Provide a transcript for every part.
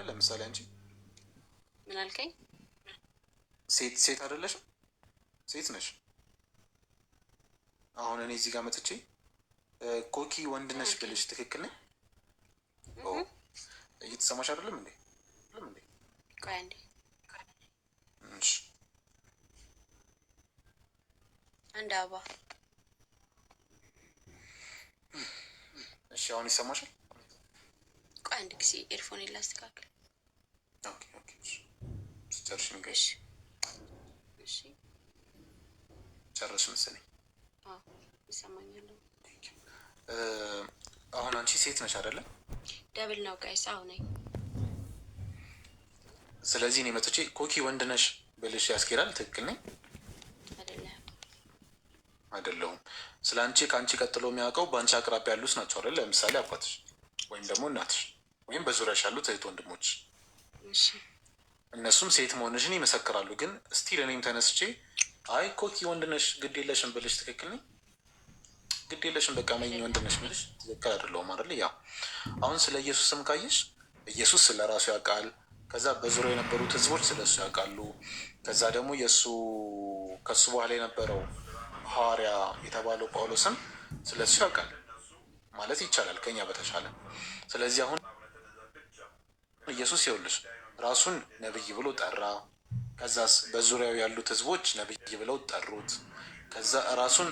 አይደለ? ለምሳሌ አንቺ ምን አልከኝ? ሴት ሴት አይደለሽም? ሴት ነሽ። አሁን እኔ እዚህ ጋር መጥቼ ኮኪ ወንድ ነሽ ብልሽ ትክክል ነኝ? እየተሰማሽ አይደለም እንዴ? አንድ አበባ። እሺ አሁን ይሰማሻል? ቆይ አንድ ጊዜ ኤርፎን ላስተካክል። ጨረሽ መሰለኝ። ይሰማኛል። አሁን አንቺ ሴት ነሽ አይደለም? ደብል ነው ጋይስ። አሁ ነኝ። ስለዚህ እኔ መጥቼ ኮኪ ወንድ ነሽ ብልሽ ያስኬዳል። ትክክል ነኝ አይደለሁም? ስለ አንቺ ከአንቺ ቀጥሎ የሚያውቀው በአንቺ አቅራቢያ ያሉት ናቸው አይደል? ለምሳሌ አባትሽ ወይም ደግሞ እናትሽ ወይም በዙሪያሽ ያሉት እህት ወንድሞች እነሱም ሴት መሆንሽን ይመሰክራሉ። ግን ስቲል እኔም ተነስቼ አይ ኮኪ ወንድነሽ ግድ የለሽም ብልሽ ትክክል ነኝ? ግድ የለሽም በቃ መኝ ወንድነሽ ብልሽ ትክክል አይደለሁም አይደል? ያው አሁን ስለ ኢየሱስም ካየሽ ኢየሱስ ስለ ራሱ ያውቃል። ከዛ በዙሪያ የነበሩት ህዝቦች ስለ እሱ ያውቃሉ። ከዛ ደግሞ የእሱ ከሱ በኋላ የነበረው ሐዋርያ የተባለው ጳውሎስም ስለ እሱ ያውቃል ማለት ይቻላል ከኛ በተሻለ። ስለዚህ አሁን ኢየሱስ ይኸውልሽ ራሱን ነብይ ብሎ ጠራ። ከዛስ በዙሪያው ያሉት ህዝቦች ነብይ ብለው ጠሩት። ከዛ ራሱን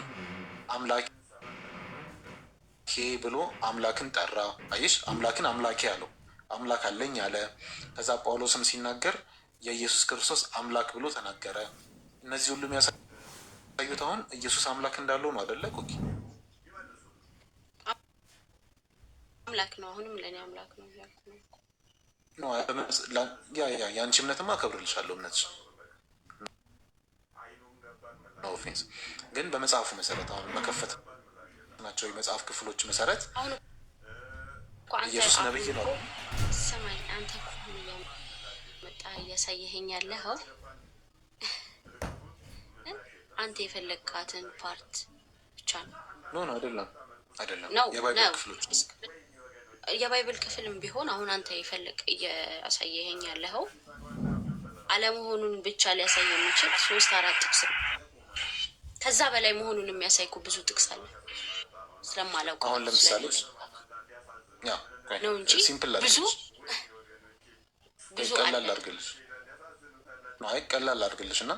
አምላኬ ብሎ አምላክን ጠራ። አይሽ አምላክን አምላኬ አለው። አምላክ አለኝ አለ። ከዛ ጳውሎስም ሲናገር የኢየሱስ ክርስቶስ አምላክ ብሎ ተናገረ። እነዚህ ሁሉ የሚያሳዩት አሁን ኢየሱስ አምላክ እንዳለው ነው አደለ? አምላክ ነው። አሁንም ለእኔ አምላክ ነው። የአንቺ እምነትማ አከብርልሻለሁ እምነት ኦፌንስ ግን በመጽሐፉ መሰረት አሁን መከፈት ናቸው የመጽሐፍ ክፍሎች መሰረት ኢየሱስ ነብይ ነው። ስማኝ አንተ መጣ እያሳየኸኝ ያለኸው አንተ የፈለግካትን ፓርት ብቻ ነው። ኖ ነው አይደለም፣ አይደለም የባይብል ክፍሎች የባይብል ክፍልም ቢሆን አሁን አንተ ይፈልቅ እያሳየኸኝ ያለኸው አለመሆኑን ብቻ ሊያሳይ የሚችል ሶስት አራት ጥቅስ ነው። ከዛ በላይ መሆኑን የሚያሳይኩ ብዙ ጥቅስ አለ ስለማላውቀው አሁን ለምሳሌ ነው እንጂ ብዙ ብዙ ቀላል አድርግልሽ አይ ቀላል አድርግልሽ እና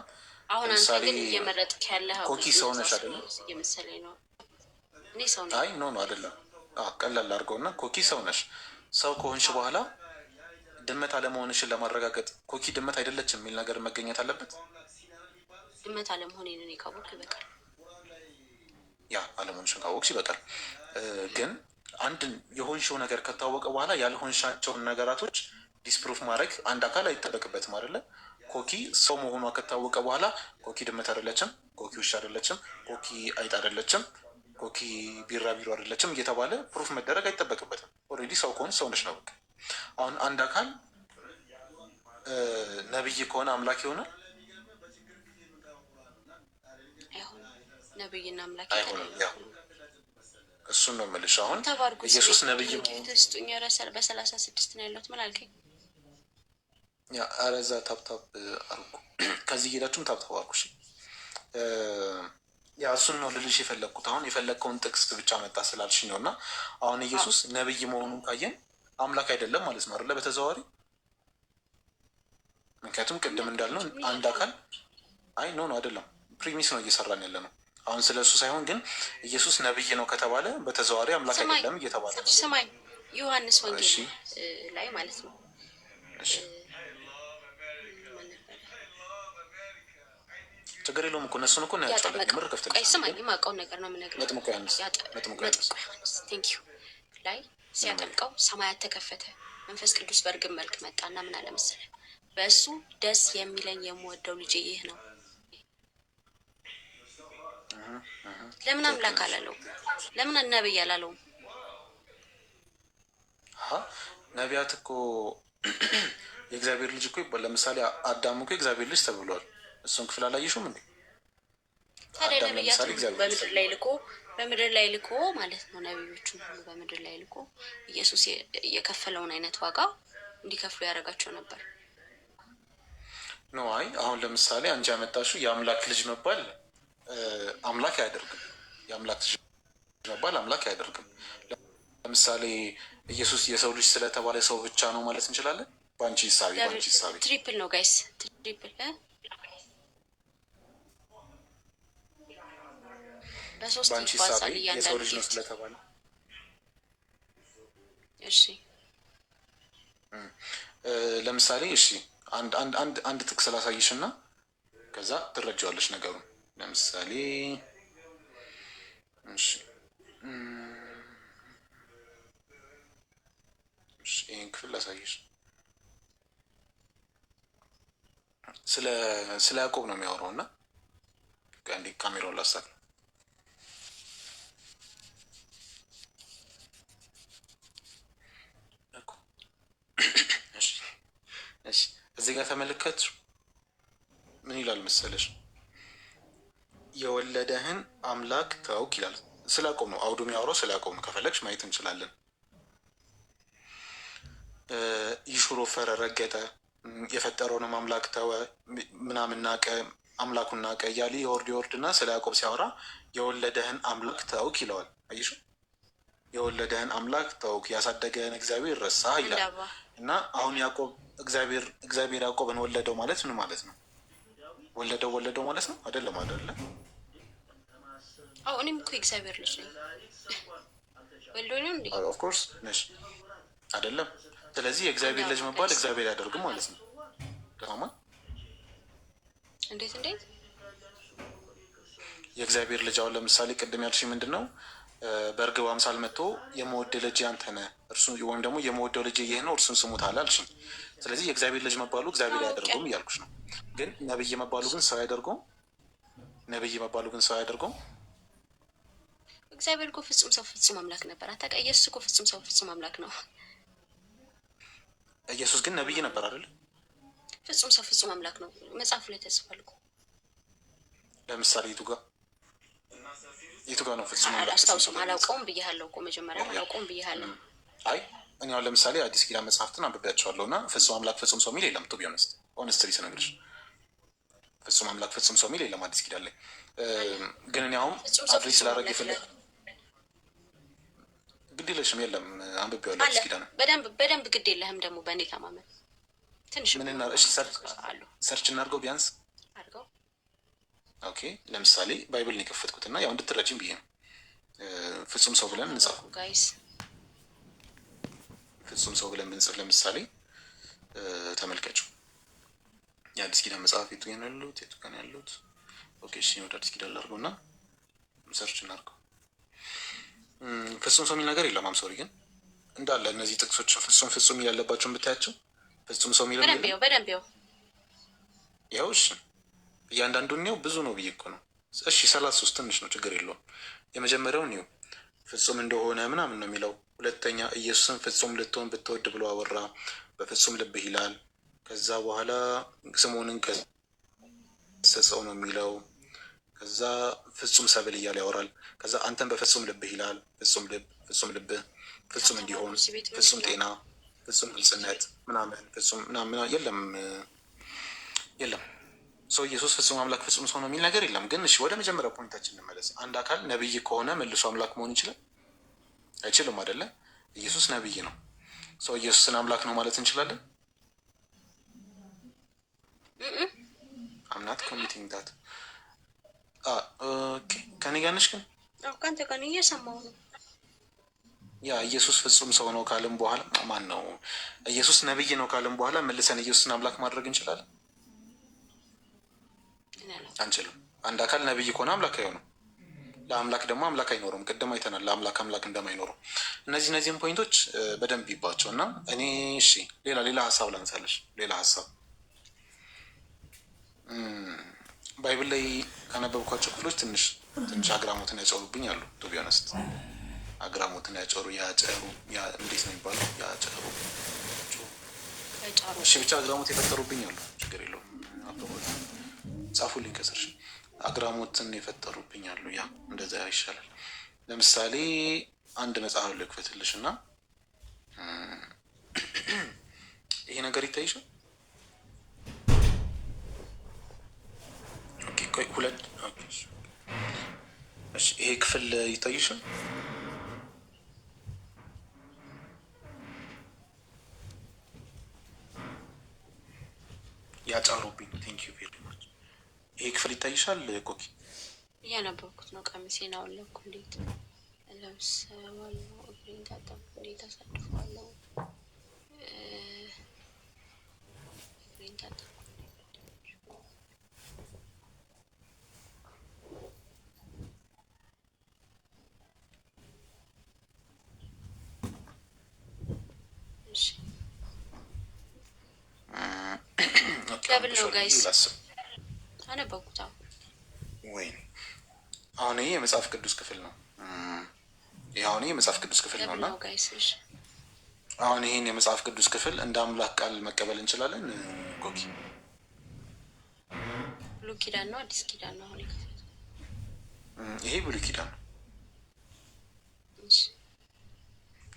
አሁን አንተ ግን እየመረጥክ ያለ ኮኪ ሰውነሽ አደለ እየመሰለኝ ነው። እኔ ሰውነ አይ ኖ ነው አደለም ቀላል አድርገውና ኮኪ ሰው ነሽ። ሰው ከሆንሽ በኋላ ድመት አለመሆንሽን ለማረጋገጥ ኮኪ ድመት አይደለች የሚል ነገር መገኘት አለበት። ድመት አለመሆኔን ካወቅ ይበቃል። ያ አለመሆንሽን ካወቅሽ ይበቃል። ግን አንድን የሆንሽው ነገር ከታወቀ በኋላ ያልሆንሻቸውን ነገራቶች ዲስፕሩፍ ማድረግ አንድ አካል አይጠበቅበትም አይደለ? ኮኪ ሰው መሆኗ ከታወቀ በኋላ ኮኪ ድመት አይደለችም፣ ኮኪ ውሻ አይደለችም፣ ኮኪ አይጥ አይደለችም ኮኪ ቢራቢሮ አይደለችም እየተባለ ፕሩፍ መደረግ አይጠበቅበትም። ኦልሬዲ ሰው ከሆን ሰውነች ነው። አሁን አንድ አካል ነብይ ከሆነ አምላክ ይሆናል እሱን ነው የምልሽ። አሁን ኢየሱስ ነብይ በሰላሳ ስድስት ነው ያለሁት። ምን አልከኝ? ኧረ እዛ ታብታብ አርጉ። ከዚህ ሄዳችሁም ታብታብ አርጉ። ያ እሱን ነው ልልሽ የፈለግኩት። አሁን የፈለግከውን ጥቅስ ብቻ መጣ ስላልሽ ነው። እና አሁን ኢየሱስ ነብይ መሆኑን ካየን አምላክ አይደለም ማለት ነው አለ በተዘዋዋሪ ምክንያቱም ቅድም እንዳልነው አንድ አካል አይ ኖ ነው አይደለም፣ ፕሪሚስ ነው እየሰራን ያለ ነው። አሁን ስለ እሱ ሳይሆን ግን ኢየሱስ ነብይ ነው ከተባለ በተዘዋዋሪ አምላክ አይደለም እየተባለ ነው። ስማኝ ዮሐንስ ወንጌል ላይ ማለት ነው ችግር የለውም እኮ እነሱን እኮ የማውቀውን ነገር ነው የምነግርህ። መጥምቁ ዮሐንስ ቴንኪዩ ላይ ሲያጠምቀው ሰማያት ተከፈተ፣ መንፈስ ቅዱስ በእርግብ መልክ መጣ እና ምን አለ መሰለህ? በእሱ ደስ የሚለኝ የምወደው ልጅ ይህ ነው። ለምን አምላክ አላለው? ለምን ነብይ አላለውም? ነቢያት እኮ የእግዚአብሔር ልጅ እኮ ለምሳሌ አዳም እኮ የእግዚአብሔር ልጅ ተብሏል። እሱን ክፍል አላየሹም እንዴ? ታዲያ ነብያት በምድር ላይ ልኮ በምድር ላይ ልኮ ማለት ነው ነቢዮቹን ሁሉ በምድር ላይ ልኮ ኢየሱስ የከፈለውን አይነት ዋጋ እንዲከፍሉ ያደረጋቸው ነበር። ኖ አይ አሁን ለምሳሌ አንቺ ያመጣሽው የአምላክ ልጅ መባል አምላክ አያደርግም። የአምላክ ልጅ መባል አምላክ አያደርግም። ለምሳሌ ኢየሱስ የሰው ልጅ ስለተባለ ሰው ብቻ ነው ማለት እንችላለን። በአንቺ ሳቢ በአንቺ ሳቢ ትሪፕል ነው ጋይስ ትሪፕል በሶስት ይባዛል እያንዳንዱ ጊፍት። እሺ ለምሳሌ እሺ አንድ ጥቅስ ላሳይሽ እና ከዛ ትረጃዋለሽ ነገሩን። ለምሳሌ እሺ ይህን ክፍል ላሳይሽ። ስለ ያዕቆብ ነው የሚያወራው እና እንዴ ካሜራውን ላሳቅ እዚህ ጋር ተመለከቱ። ምን ይላል መሰለሽ? የወለደህን አምላክ ታውቅ ይላል። ስላቆም ነው አውዱ የሚያወራው ስላቆም ነው። ከፈለግሽ ማየት እንችላለን። ይሹሮ ፈረ፣ ረገጠ፣ የፈጠረውንም አምላክ ተወ፣ ምናምን ናቀ፣ አምላኩን ናቀ እያለ የወርድ የወርድና ስለ ያዕቆብ ሲያወራ የወለደህን አምላክ ታውቅ ይለዋል። አየሽ፣ የወለደህን አምላክ ታውቅ፣ ያሳደገህን እግዚአብሔር ረሳ ይላል። እና አሁን ያዕቆብ እግዚአብሔር ያዕቆብን ወለደው ማለት ምን ማለት ነው? ወለደው ወለደው ማለት ነው አይደለም? አይደለም። እኔም እኮ እግዚአብሔር ልጅ ነኝ። ኦፍኮርስ ነሽ አይደለም? ስለዚህ የእግዚአብሔር ልጅ መባል እግዚአብሔር ያደርግም ማለት ነው። ደማ እንዴት እንዴት የእግዚአብሔር ልጅ አሁን ለምሳሌ ቅድም ያልሽ ምንድን ነው በእርግብ አምሳል መጥቶ የመወደው ልጅ አንተ ነህ ወይም ደግሞ የመወደው ልጄ ይህ ነው እርሱን ስሙት አለ አልሽኝ። ስለዚህ የእግዚአብሔር ልጅ መባሉ እግዚአብሔር አያደርገውም እያልኩሽ ነው። ግን ነብይ መባሉ ግን ሰው አያደርገውም። ነብይ መባሉ ግን ሰው አያደርገውም። እግዚአብሔር እኮ ፍጹም ሰው ፍጹም አምላክ ነበር። አታውቃ ኢየሱስ እኮ ፍጹም ሰው ፍጹም አምላክ ነው። ኢየሱስ ግን ነብይ ነበር አይደል? ፍጹም ሰው ፍጹም አምላክ ነው። መጽሐፉ ላይ ተጽፏል እኮ ለምሳሌ ቱ ጋር የቱ ጋር ነው? ፍጹም አላስታውስም፣ አላውቀውም እኮ መጀመሪያ አላውቀውም አይ እኔ አሁን ለምሳሌ አዲስ ኪዳን መጽሐፍትን አንብቤያቸዋለሁ እና ፍጹም አምላክ ፍጹም ሰው የሚል የለም። ቱ ቢሆንስ ስነግርሽ ፍጹም አምላክ ፍጹም ሰው የሚል የለም አዲስ ኪዳን ላይ። ግን እኔ አሁን ስላደረግ ግድ የለሽም የለም፣ አንብቤዋለሁ አዲስ ኪዳን በደንብ በደንብ ግድ የለህም ደግሞ በእኔ ትንሽ ምን ሰርች እናድርገው ቢያንስ ኦኬ ለምሳሌ ባይብልን የከፈትኩትና ያው እንድትረጅም ብዬ ነው። ፍጹም ሰው ብለን እንጻፍ፣ ፍጹም ሰው ብለን ብንጽፍ ለምሳሌ ተመልከቹ፣ የአዲስ ኪዳን መጽሐፍ የቱ ገን ያሉት የቱ ገን ያሉት። ኦኬ እሺ፣ ወደ አዲስ ኪዳን ላድርገው እና ሰርች እናድርገው። ፍጹም ሰው የሚል ነገር የለም። አምሶሪ ግን እንዳለ እነዚህ ጥቅሶች ፍጹም ፍጹም ያለባቸውን ብታያቸው ፍጹም ሰው የሚለው በደንብ ይኸው፣ እሺ እያንዳንዱ ኒው ብዙ ነው ብዬ እኮ ነው። እሺ ሰላት ሶስት ትንሽ ነው፣ ችግር የለውም። የመጀመሪያው ኒው ፍጹም እንደሆነ ምናምን ነው የሚለው። ሁለተኛ ኢየሱስን ፍጹም ልትሆን ብትወድ ብሎ አወራ፣ በፍጹም ልብህ ይላል። ከዛ በኋላ ስምዖንን ገሰጸው ነው የሚለው። ከዛ ፍጹም ሰብል እያለ ያወራል። ከዛ አንተን በፍጹም ልብህ ይላል። ፍጹም ልብ፣ ፍጹም ልብህ፣ ፍጹም እንዲሆን፣ ፍጹም ጤና፣ ፍጹም ግልጽነት ምናምን፣ ፍጹም ምናምን የለም የለም ሰው ኢየሱስ ፍጹም አምላክ ፍጹም ሰው ነው የሚል ነገር የለም። ግን እሺ ወደ መጀመሪያው ፖይንታችን እንመለስ። አንድ አካል ነብይ ከሆነ መልሶ አምላክ መሆን ይችላል አይችልም? አይደለ? ኢየሱስ ነብይ ነው። ሰው ኢየሱስን አምላክ ነው ማለት እንችላለን? አምናት ኮሚቲንግ ዳት ከኔ ጋር ነሽ? ግን ከአንተ ጋር እየሰማሁ ነው። ያ ኢየሱስ ፍጹም ሰው ነው ካለም በኋላ ማን ነው ኢየሱስ ነብይ ነው ካለም በኋላ መልሰን ኢየሱስን አምላክ ማድረግ እንችላለን? አንችልም። አንድ አካል ነብይ ከሆነ አምላክ አይሆንም። ለአምላክ ደግሞ አምላክ አይኖሩም ቅድም አይተናል ለአምላክ አምላክ እንደማይኖረው። እነዚህ እነዚህም ፖይንቶች በደንብ ይባቸው እና እኔ እሺ፣ ሌላ ሌላ ሀሳብ ላንሳለች። ሌላ ሀሳብ ባይብል ላይ ካነበብኳቸው ክፍሎች ትንሽ ትንሽ አግራሞትን ያጨሩብኝ አሉ። ቱቢያነስት አግራሞትን ያጨሩ ያጨሩ እንዴት ነው የሚባለው? ያጨሩ እሺ፣ ብቻ አግራሞት የፈጠሩብኝ አሉ። ጻፉልኝ ከስር አግራሞትን የፈጠሩብኝ አሉ። ያ እንደዚያ ይሻላል። ለምሳሌ አንድ መጽሐፍ ልክፈትልሽ እና ይሄ ነገር ይታይሻል። ሁለት ይሄ ክፍል ይታይሻል። ያጫሩብኝ ቴንኪዩ ቬሪ ይሄ ክፍል ይታይሻል ኮኪ? እያነበብኩት ነው። ቀሚሴን አውለኩ። እንዴት ለብሰዋለሁ? እግሬን ታጠብኩ። እንዴት አሳድፈዋለሁ? እግሬን ታጠብኩ። ለምን ነው ጋይስ አነበብኩት። ወይ አሁን ይሄ የመጽሐፍ ቅዱስ ክፍል ነው። ይህ አሁን ይሄ የመጽሐፍ ቅዱስ ክፍል ነው እና አሁን ይህን የመጽሐፍ ቅዱስ ክፍል እንደ አምላክ ቃል መቀበል እንችላለን። ጎኪ ብሉይ ኪዳን ነው አዲስ ኪዳን ነው? አሁን ይሄ ብሉ ኪዳን ነው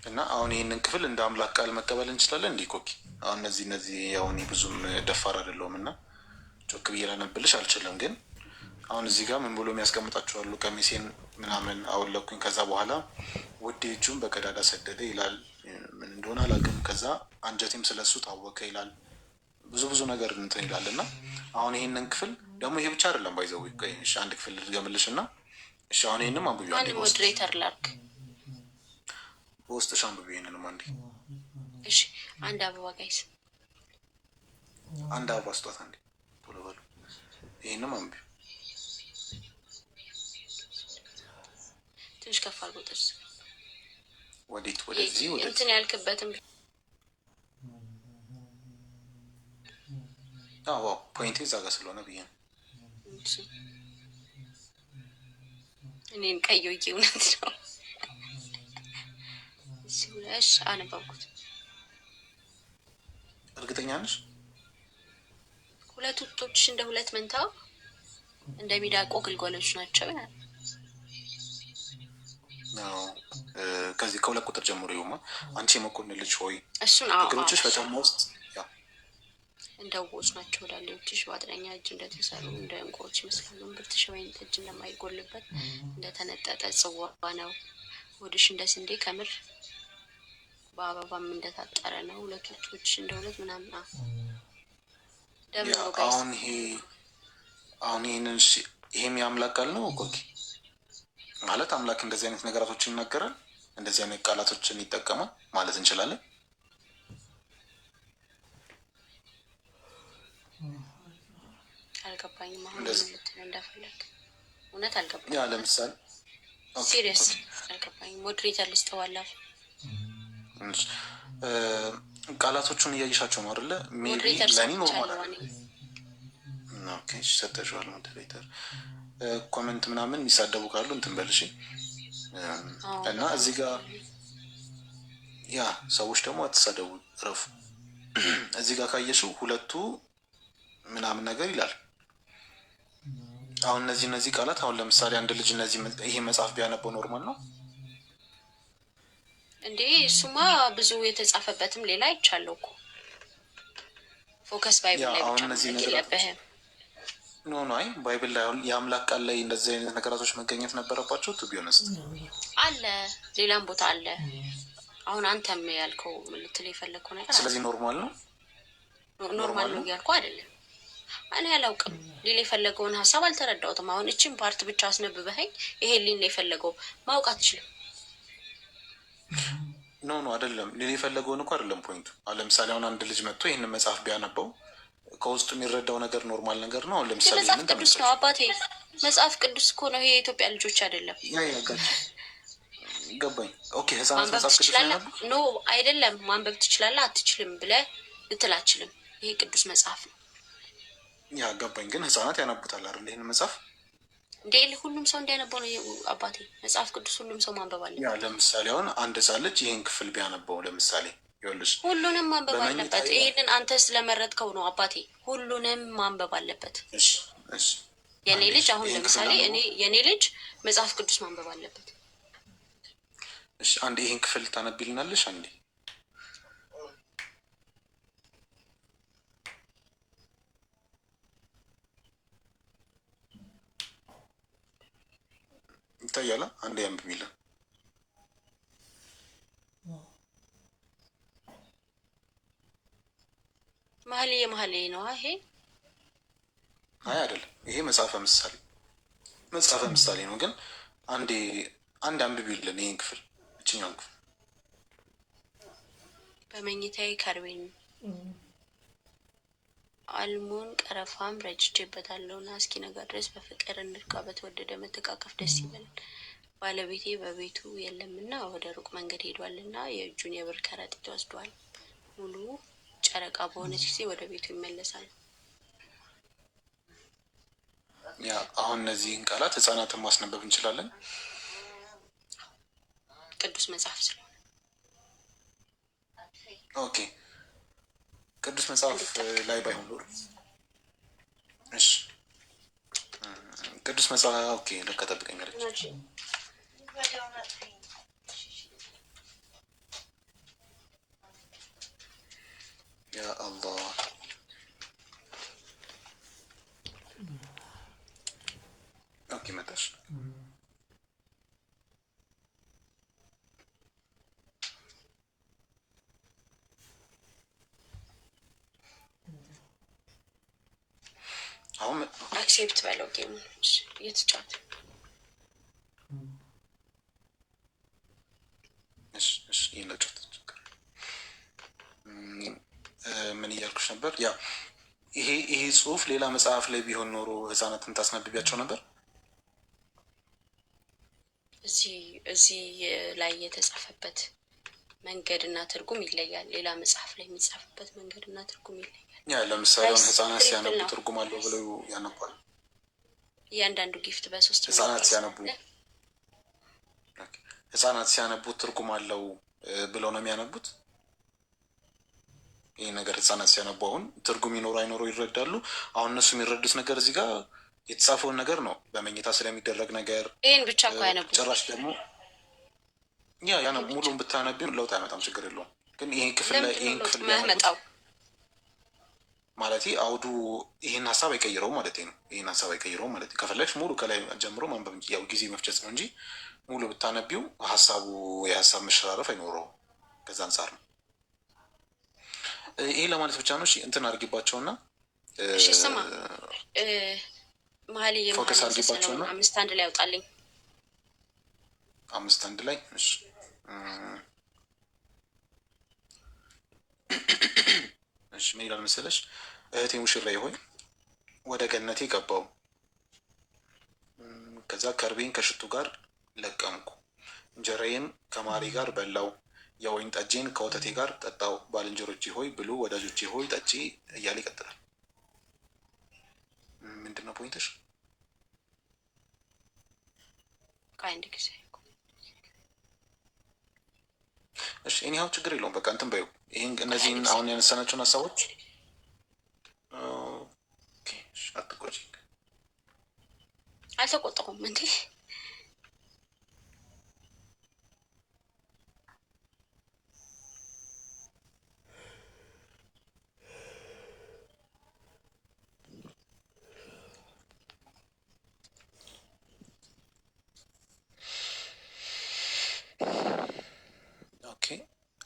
እና አሁን ይህንን ክፍል እንደ አምላክ ቃል መቀበል እንችላለን። እንዲህ ኮኪ አሁን እነዚህ እነዚህ አሁን ብዙም ደፋር አይደለውም እና ጮክ ብዬ ላነብልሽ አልችልም፣ ግን አሁን እዚህ ጋር ምን ብሎ የሚያስቀምጣቸው ቀሚሴን ምናምን አወለኩኝ። ከዛ በኋላ ወደ እጁን በቀዳዳ ሰደደ ይላል። ምን እንደሆነ አላውቅም። ከዛ አንጀቴም ስለሱ ታወከ ይላል። ብዙ ብዙ ነገር እንትን ይላል እና አሁን ይህንን ክፍል ደግሞ ይሄ ብቻ አይደለም ባይዘው ይገኝሽ አንድ ክፍል ልድገምልሽ እና እሺ፣ አሁን ይህንም አንብቢ ሞዴሬተር ላርክ በውስጥሽ አንብቢ ይህንንም አንዴ። እሺ፣ አንድ አበባ ጋይስ፣ አንድ አበባ ስጧት አንዴ ይሄንም አንብዩ። ትንሽ ከፍ አድርጎ ጥርስ ወዴት? ወደዚህ ወደ እንትን ያልክበትም አዎ፣ ፖይንቴ እዛ ጋር ስለሆነ ብዬ ነው። እኔን ቀየው እውነት ነው። እሺ አነበብኩት። እርግጠኛ ነሽ? ሁለት ውጦች እንደ ሁለት መንታው እንደ ሚዳቆ ግልጓሎች ናቸው ይላል። ከዚህ ከሁለት ቁጥር ጀምሮ ይሁማ አንቺ የመኮንን ልጅ ሆይ እሱን እግሮችሽ በጫማ ውስጥ እንደ ውቦች ናቸው። ዳሌዎችሽ በአጥረኛ እጅ እንደተሰሩ እንደ እንቁዎች ይመስላሉ። ብርትሽ ወይን ጠጅ እንደማይጎልበት እንደተነጠጠ ጽዋ ነው። ወድሽ እንደ ስንዴ ከምር በአበባም እንደታጠረ ነው። ሁለት ውጦች እንደ ሁለት ምናምን አሁን ይሄ አሁን ይህንን ይሄም የአምላክ ቃል ነው ኮኪ ማለት አምላክ እንደዚህ አይነት ነገራቶችን ይናገራል፣ እንደዚህ አይነት ቃላቶችን ይጠቀማል ማለት እንችላለን። አልገባኝም። ለምሳሌ ሲሪየስ አልገባኝም። ሞድሬት ቃላቶቹን እያየሻቸው ነው አይደለ? ለእኔ ኖርማል ሰጠችዋል። ሞዴሬተር ኮመንት ምናምን የሚሳደቡ ካሉ እንትን በልሽ እና እዚህ ጋር ያ ሰዎች ደግሞ አትሳደቡ ረፉ። እዚህ ጋር ካየሽው ሁለቱ ምናምን ነገር ይላል። አሁን እነዚህ እነዚህ ቃላት አሁን ለምሳሌ አንድ ልጅ እነዚህ ይሄ መጽሐፍ ቢያነበው ኖርማል ነው እንዴ እሱማ ብዙ የተጻፈበትም ሌላ አይቻለሁ እኮ ፎከስ ባይብል ላይ ብቻ የለብህም። ኖ ኖ አይ ባይብል ላይ የአምላክ ቃል ላይ እንደዚህ አይነት ነገራቶች መገኘት ነበረባቸው። ቱ ቢሆነስት አለ ሌላም ቦታ አለ። አሁን አንተም ያልከው ምልትል የፈለግከው ነገር ስለዚህ ኖርማል ነው ኖርማል ነው እያልኩ አይደለም። እኔ አላውቅም ሊል የፈለገውን ሀሳብ አልተረዳውትም። አሁን እችን ፓርት ብቻ አስነብበኸኝ ይሄ ሊል የፈለገው ማወቅ አትችልም። ነው ነው አይደለም ሌ የፈለገውን እኮ አይደለም ፖይንቱ። ለምሳሌ አሁን አንድ ልጅ መጥቶ ይህንን መጽሐፍ ቢያነበው ከውስጡ የሚረዳው ነገር ኖርማል ነገር ነው። አሁን ለምሳሌ መጽሐፍ ቅዱስ ነው አባቴ፣ መጽሐፍ ቅዱስ እኮ ነው። ይሄ የኢትዮጵያ ልጆች አይደለም። ገባኝ። ኦኬ፣ ህፃናት መጽሐፍ ቅዱስ ኖ አይደለም። ማንበብ ትችላለህ አትችልም ብለህ ልትል አችልም። ይሄ ቅዱስ መጽሐፍ ነው። ያ ገባኝ። ግን ህፃናት ያነቡታል አይደል? ይህን መጽሐፍ እንዴ ሁሉም ሰው እንዲያነበው ነው አባቴ። መጽሐፍ ቅዱስ ሁሉም ሰው ማንበብ አለበት። ለምሳሌ አሁን አንድ ህጻን ልጅ ይህን ክፍል ቢያነበው ለምሳሌ ይኸውልሽ፣ ሁሉንም ማንበብ አለበት። ይህንን አንተ ስለመረጥከው ነው አባቴ። ሁሉንም ማንበብ አለበት። የእኔ ልጅ አሁን ለምሳሌ እኔ የእኔ ልጅ መጽሐፍ ቅዱስ ማንበብ አለበት። እሺ፣ ይህን ክፍል ታነቢልናለሽ? አንዴ ይታያላ አንድ ያንብ ሚል መሀል የመሀል ነው። ይሄ አይ አይደለም፣ ይሄ መጽሐፈ ምሳሌ መጽሐፈ ምሳሌ ነው። ግን አንድ አንድ አንብብ ይለን ይህን ክፍል እችኛውን ክፍል በመኝታዬ ከርቤ አልሙን ቀረፋም ረጭቼበታለሁ እና እስኪ ነጋ ድረስ በፍቅር እንድርካ በተወደደ መተቃቀፍ ደስ ይበላል። ባለቤቴ በቤቱ የለምና ወደ ሩቅ መንገድ ሄዷል እና የእጁን የብር ከረጢት ወስዷል። ሙሉ ጨረቃ በሆነች ጊዜ ወደ ቤቱ ይመለሳል። ያ አሁን እነዚህን ቃላት ህጻናትን ማስነበብ እንችላለን ቅዱስ መጽሐፍ ስለሆነ ኦኬ ቅዱስ መጽሐፍ ላይ ባይሆን ኖር እሺ፣ ቅዱስ መጽሐፍ ኦኬ። ለካ ጠብቀኛለች። ያ አላህ ኦኬ፣ መጣሽ አክሴፕት በለው ጌም እየተጫወተ ምን እያልኩሽ ነበር? ያ ይሄ ይሄ ጽሁፍ ሌላ መጽሐፍ ላይ ቢሆን ኖሮ ህፃናትን ታስነብቢያቸው ነበር። እዚህ ላይ የተጻፈበት መንገድ እና ትርጉም ይለያል። ሌላ መጽሐፍ ላይ የሚጻፍበት መንገድ እና ትርጉም ይለያል። ያ ለምሳሌ ህፃናት ሲያነቡ ትርጉም አለው ብለው ያነቧል። እያንዳንዱ ጊፍት በሶስት ህጻናት ሲያነቡ ህጻናት ሲያነቡት ትርጉም አለው ብለው ነው የሚያነቡት። ይህ ነገር ህጻናት ሲያነቡ አሁን ትርጉም ይኖሩ አይኖሩ ይረዳሉ። አሁን እነሱ የሚረዱት ነገር እዚህ ጋር የተጻፈውን ነገር ነው፣ በመኝታ ስለሚደረግ ነገር። ይህን ብቻ እኮ ያነቡ ጭራሽ ደግሞ ያ ያነ ሙሉን ብታነቢውን ለውጥ አይመጣም፣ ችግር የለውም። ግን ይህን ክፍል ላይ ይህን ክፍል ማለት አውዱ ይህን ሀሳብ አይቀይረውም ማለት ነው። ይህን ሀሳብ አይቀይረውም ማለት ከፈለግሽ ሙሉ ከላይ ጀምሮ ማንበብ ያው ጊዜ መፍጨት ነው እንጂ ሙሉ ብታነቢው ሀሳቡ የሀሳብ መሸራረፍ አይኖረውም። ከዛ አንጻር ነው ይሄ ለማለት ብቻ ነው። እንትን አድርጊባቸውና መሀል ፎከስ አድርጊባቸውና አምስት አንድ ላይ ያውጣልኝ። አምስት አንድ ላይ እሺ እሺ ምን ይላል መሰለሽ? እህቴ ሙሽራዬ ሆይ ወደ ገነቴ ገባው፣ ከዛ ከርቤን ከሽቱ ጋር ለቀምኩ፣ እንጀራዬን ከማሬ ጋር በላው፣ የወይን ጠጄን ከወተቴ ጋር ጠጣው። ባልንጀሮቼ ሆይ ብሉ፣ ወዳጆቼ ሆይ ጠጪ እያለ ይቀጥላል። ምንድን ነው ፖይንትሽ? እሺ እኔ ችግር የለውም በቃ እንትን በይው ይህን እነዚህን አሁን ያነሳናቸውን ሀሳቦች አልተቆጠቁም እንዴ?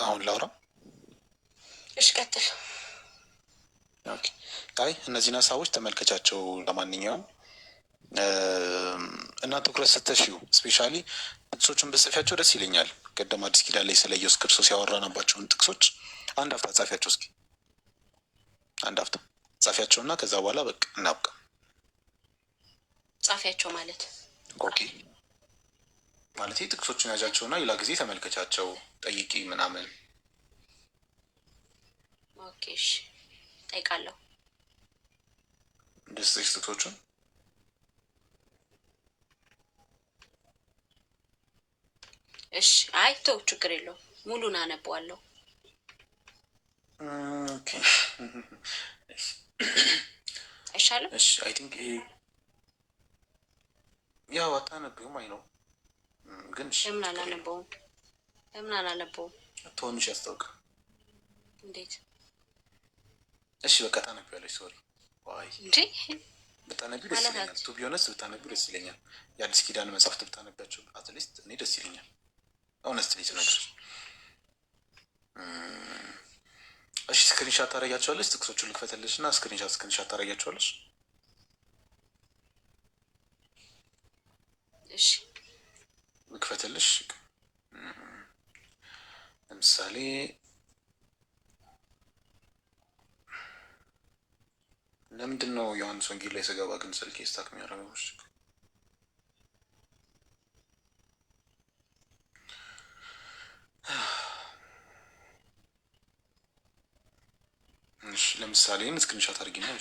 አሁን ላውራ ቀጥል። አይ እነዚህን ሀሳቦች ተመልከቻቸው። ለማንኛውም እና ትኩረት ስተሽው ስፔሻሊ ጥቅሶቹን ብጽፊያቸው ደስ ይለኛል። ቀደም አዲስ ኪዳን ላይ ስለ ኢየሱስ ክርስቶስ ያወራናባቸውን ጥቅሶች አንድ አፍታ ጻፊያቸው። እስኪ አንድ አፍታ እና ከዛ በኋላ በቃ እናብቃ። ጻፊያቸው ማለት ኦኬ ማለት ጥቅሶቹን ያዣቸውና ሌላ ጊዜ ተመልከቻቸው፣ ጠይቂ ምናምን ኦኬ እሺ፣ ጠይቃለሁ። ደስተሽ ጡቶቹን እሺ። አይ ተው፣ ችግር የለው ሙሉን አነበዋለሁ። ኦኬ አይሻልም? እሺ፣ አይ ቲንክ ያው አታነቢውም። አይ ነው ግን ለምን አላነበውም? ለምን አላነበውም? ትሆንሽ ያስታውቃል። እንዴት እሺ በቃ ታነቢ ያለች ሶሪ ብታነቢው ደስ ይለኛል። ቱ ቢሆነስ ብታነቢው ደስ ይለኛል። የአዲስ ኪዳን መጽሐፍት ብታነቢያቸው አትሊስት እኔ ደስ ይለኛል። እውነት ልጅ ነገር እሺ፣ ስክሪንሻት ታደርጊያቸዋለሽ። ጥቅሶቹን ልክፈተልሽ እና ስክሪንሻት ስክሪንሻት ታደርጊያቸዋለሽ። ልክፈተልሽ ለምሳሌ ለምንድን ነው ዮሐንስ ወንጌል ላይ ስገባ ግን ስልክ ስታክ የሚያደርገው? ለምሳሌ ስክሪንሻት አድርጊ ነው።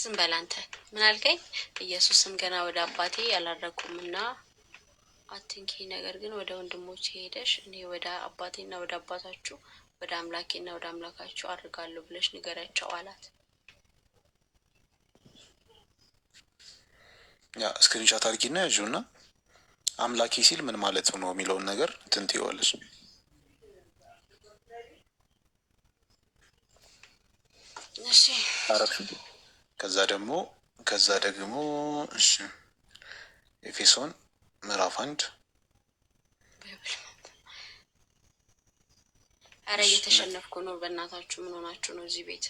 ዝም በል አንተ። ምን አልከኝ? ኢየሱስም ገና ወደ አባቴ አላረኩም እና አትንኪ፣ ነገር ግን ወደ ወንድሞች ሄደሽ እኔ ወደ አባቴና ወደ አባታችሁ ወደ አምላኬና ወደ አምላካቸው አድርጋለሁ ብለሽ ንገሪያቸው አላት። ያ እስክሪንሻት አድርጊና ያዥውና አምላኬ ሲል ምን ማለት ነው የሚለውን ነገር ትንት ይዋለች። ከዛ ደግሞ ከዛ ደግሞ እሺ ኤፌሶን ምዕራፍ አንድ አረ እየተሸነፍኩ ነው። በእናታችሁ ምን ሆናችሁ ነው እዚህ ቤት?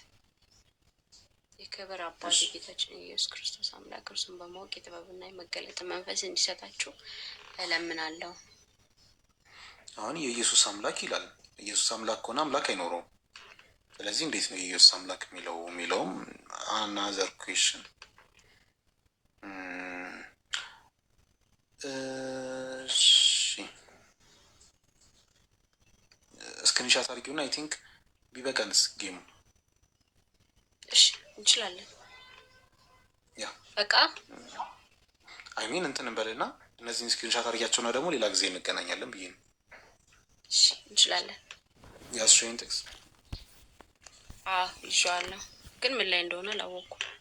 የክብር አባት ጌታችን ኢየሱስ ክርስቶስ አምላክ እርሱን በማወቅ የጥበብና የመገለጥ መንፈስ እንዲሰጣችሁ እለምናለሁ። አሁን የኢየሱስ አምላክ ይላል። ኢየሱስ አምላክ ከሆነ አምላክ አይኖረውም። ስለዚህ እንዴት ነው የኢየሱስ አምላክ የሚለው የሚለውም አናዘር ኩዌሽን እሺ ስክሪንሻት አድርጊውና አይ ቲንክ ቢበቀንስ ጌሙ እሺ እንችላለን። ያ በቃ አይሚን እንትን እንበልና እነዚህን ስክሪንሻት አድርጊያቸውና ደግሞ ሌላ ጊዜ እንገናኛለን ብዬ ነው። እሺ እንችላለን። ያስሽን ጥቅስ ይዤዋለሁ፣ ግን ምን ላይ እንደሆነ አላወኩም።